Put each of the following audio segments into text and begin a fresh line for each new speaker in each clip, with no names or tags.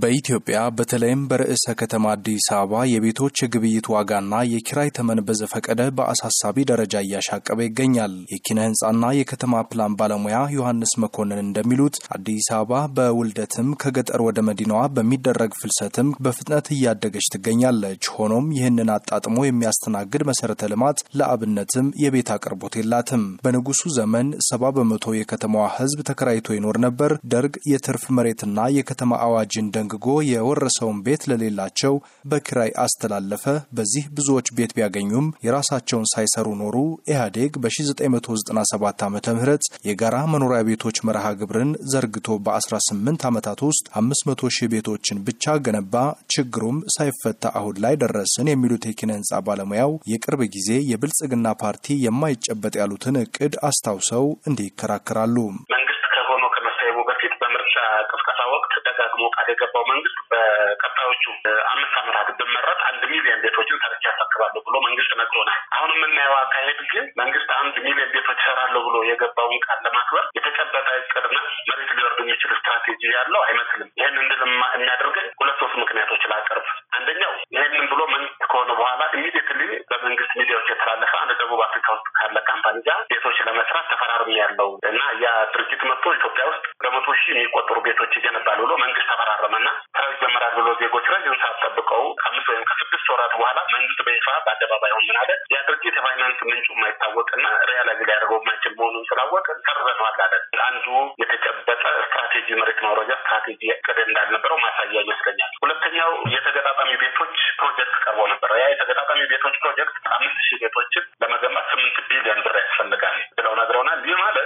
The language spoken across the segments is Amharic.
በኢትዮጵያ በተለይም በርዕሰ ከተማ አዲስ አበባ የቤቶች የግብይት ዋጋና የኪራይ ተመን በዘፈቀደ በአሳሳቢ ደረጃ እያሻቀበ ይገኛል። የኪነ ህንፃና የከተማ ፕላን ባለሙያ ዮሐንስ መኮንን እንደሚሉት አዲስ አበባ በውልደትም ከገጠር ወደ መዲናዋ በሚደረግ ፍልሰትም በፍጥነት እያደገች ትገኛለች። ሆኖም ይህንን አጣጥሞ የሚያስተናግድ መሰረተ ልማት ለአብነትም የቤት አቅርቦት የላትም። በንጉሱ ዘመን ሰባ በመቶ የከተማዋ ህዝብ ተከራይቶ ይኖር ነበር። ደርግ የትርፍ መሬትና የከተማ እንደ ደንግጎ የወረሰውን ቤት ለሌላቸው በኪራይ አስተላለፈ። በዚህ ብዙዎች ቤት ቢያገኙም የራሳቸውን ሳይሰሩ ኖሩ። ኢህአዴግ በ1997 ዓ ም የጋራ መኖሪያ ቤቶች መርሃ ግብርን ዘርግቶ በ18 ዓመታት ውስጥ 500 ሺህ ቤቶችን ብቻ ገነባ። ችግሩም ሳይፈታ አሁን ላይ ደረስን የሚሉት የኪነ ህንፃ ባለሙያው የቅርብ ጊዜ የብልጽግና ፓርቲ የማይጨበጥ ያሉትን እቅድ አስታውሰው እንዲህ ይከራከራሉ።
አምስት ዓመታት ብመረጥ አንድ ሚሊዮን ቤቶችን ሰርቼ ያስረክባለሁ ብሎ መንግስት ነግሮናል። አሁን የምናየው አካሄድ ግን መንግስት አንድ ሚሊዮን ቤቶች እሰራለሁ ብሎ የገባውን ቃል ለማክበር የተጨበጠ እቅድና መሬት ሊወርድ የሚችል ስትራቴጂ ያለው አይመስልም። ይህን እንድል የሚያደርገኝ ሁለት ሶስት ምክንያቶች ላቀርብ። አንደኛው ይህንን ብሎ መንግስት ከሆነ በኋላ ኢሚዲየትሊ በመንግስት ሚዲያዎች የተላለፈ አንድ ደቡብ አፍሪካ ውስጥ ካለ ካምፓኒ ጋር ቤቶች ለመስራት ተፈራርም ያለው እና ያ ድርጅት መጥቶ ኢትዮጵያ ውስጥ በመቶ ሺህ የሚቆጠሩ ቤቶች ይገነባል ብሎ መንግስት ተፈራረመና ይጀመራል ብሎ ዜጎች ረጅም ሰዓት ጠብቀው ከአምስት ወይም ከስድስት ወራት በኋላ መንግስት በይፋ በአደባባይ ሆን ምን ምናለ ያ ድርጅት የፋይናንስ ምንጩ የማይታወቅና ሪያላይዝ ሊያደርገው የማይችል መሆኑን ስላወቅ ሰርዘነዋል አለን። አንዱ የተጨበጠ ስትራቴጂ መሬት ማውረጃ ስትራቴጂ እቅድ እንዳልነበረው ማሳያ ይመስለኛል። ሁለተኛው የተገጣጣሚ ቤቶች ፕሮጀክት ቀርቦ ነበር። ያ የተገጣጣሚ ቤቶች ፕሮጀክት አምስት ሺህ ቤቶችን ለመገንባት ስምንት ቢሊዮን ብር ያስፈልጋል ብለው ነግረውናል። ይህ ማለት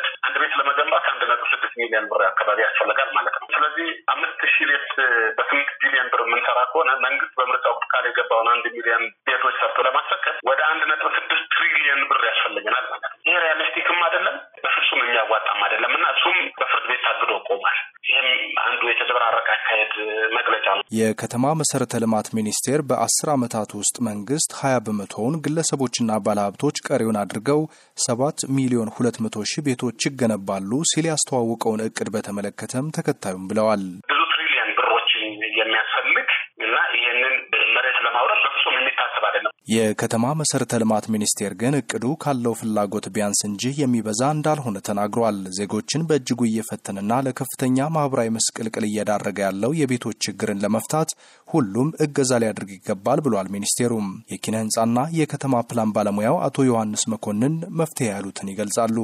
ቤት ለመገንባት አንድ ነጥብ ስድስት ሚሊዮን ብር አካባቢ ያስፈልጋል ማለት ነው። ስለዚህ አምስት ሺህ ቤት በስምንት ቢሊዮን ብር የምንሰራ ከሆነ መንግስት በምርጫው ቃል የገባውን አንድ ሚሊዮን ቤቶች ሰርቶ ለማስፈከት ወደ አንድ ነጥብ ስድስት ትሪሊየን ብር ያስፈልገናል ማለት ነው። ይሄ ሪያሊስቲክም አይደለም፣ በፍጹም የሚያዋጣም አይደለም እና እሱም በፍርድ ቤት ታግዶ ቆሟል። አንዱ የተዘበራረቀ አካሄድ
መግለጫ ነው። የከተማ መሰረተ ልማት ሚኒስቴር በአስር ዓመታት ውስጥ መንግስት ሀያ በመቶውን ግለሰቦችና ባለሀብቶች ቀሪውን አድርገው ሰባት ሚሊዮን ሁለት መቶ ሺህ ቤቶች ይገነባሉ ሲል ያስተዋወቀውን እቅድ በተመለከተም ተከታዩም ብለዋል። ብዙ ትሪሊየን
ብሮችን የሚያስፈልግ እና ይህንን በፍጹም የሚታሰብ አይደለም።
የከተማ መሰረተ ልማት ሚኒስቴር ግን እቅዱ ካለው ፍላጎት ቢያንስ እንጂ የሚበዛ እንዳልሆነ ተናግሯል። ዜጎችን በእጅጉ እየፈተንና ለከፍተኛ ማህበራዊ ምስቅልቅል እየዳረገ ያለው የቤቶች ችግርን ለመፍታት ሁሉም እገዛ ሊያደርግ ይገባል ብሏል ሚኒስቴሩም። የኪነ ህንጻና የከተማ ፕላን ባለሙያው አቶ ዮሐንስ መኮንን መፍትሄ ያሉትን ይገልጻሉ።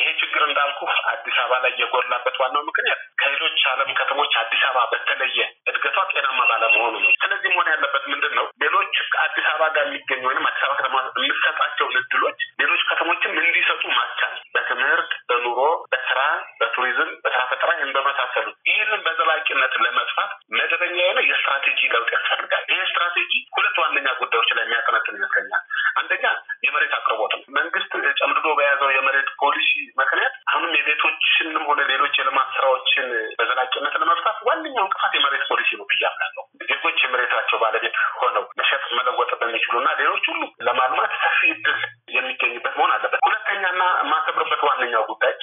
ይሄ
ችግር እንዳልኩ አዲስ አበባ ላይ የጎላበት ዋናው ምክንያት ከሌሎች ዓለም ከተሞች አዲስ አበባ በተለየ እድገቷ ጤናማ ባለመሆኑ ነው። ስለዚህ መሆን ያለበት ምንድን ነው? እድሎች ከአዲስ አበባ ጋር የሚገኙ ወይም አዲስ አበባ ከተማ የምትሰጣቸውን እድሎች ሌሎች ከተሞችም እንዲሰጡ ማስቻል በትምህርት፣ በኑሮ፣ በስራ፣ በቱሪዝም፣ በስራ ፈጠራ ይህን በመሳሰሉ ይህንን በዘላቂነት ለመስፋት መደበኛ የሆነ የስትራቴጂ ለውጥ ያስፈልጋል። ይህ ስትራቴጂ ሁለት ዋነኛ ጉዳዮች ላይ የሚያጠነጥን ይመስለኛል። አንደኛ የመሬት አቅርቦት ነው። መንግስት ጨምድዶ በያዘው የመሬት ፖሊሲ ምክንያት አሁንም የቤቶችንም ሆነ ሌሎች የልማት ስራዎችን በዘላቂነት ለመፍታት ዋነኛው እንቅፋት የመሬት ፖሊሲ ነው ብዬ ነገሮች ሁሉ ለማልማት ሰፊ እድል የሚገኝበት መሆን አለበት። ሁለተኛና የማከብርበት ዋነኛው ጉዳይ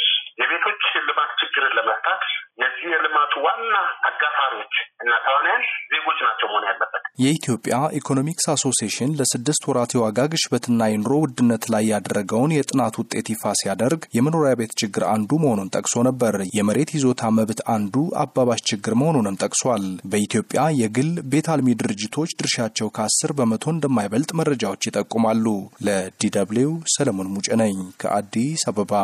የዚህ የልማቱ ዋና አጋፋሪዎች እና ተዋናያን ዜጎች
ናቸው መሆን ያለበት። የኢትዮጵያ ኢኮኖሚክስ አሶሲዬሽን ለስድስት ወራት የዋጋ ግሽበትና የኑሮ ውድነት ላይ ያደረገውን የጥናት ውጤት ይፋ ሲያደርግ የመኖሪያ ቤት ችግር አንዱ መሆኑን ጠቅሶ ነበር። የመሬት ይዞታ መብት አንዱ አባባሽ ችግር መሆኑንም ጠቅሷል። በኢትዮጵያ የግል ቤት አልሚ ድርጅቶች ድርሻቸው ከአስር በመቶ እንደማይበልጥ መረጃዎች ይጠቁማሉ። ለዲ ደብልዩ ሰለሞን ሙጬ ነኝ ከአዲስ አበባ።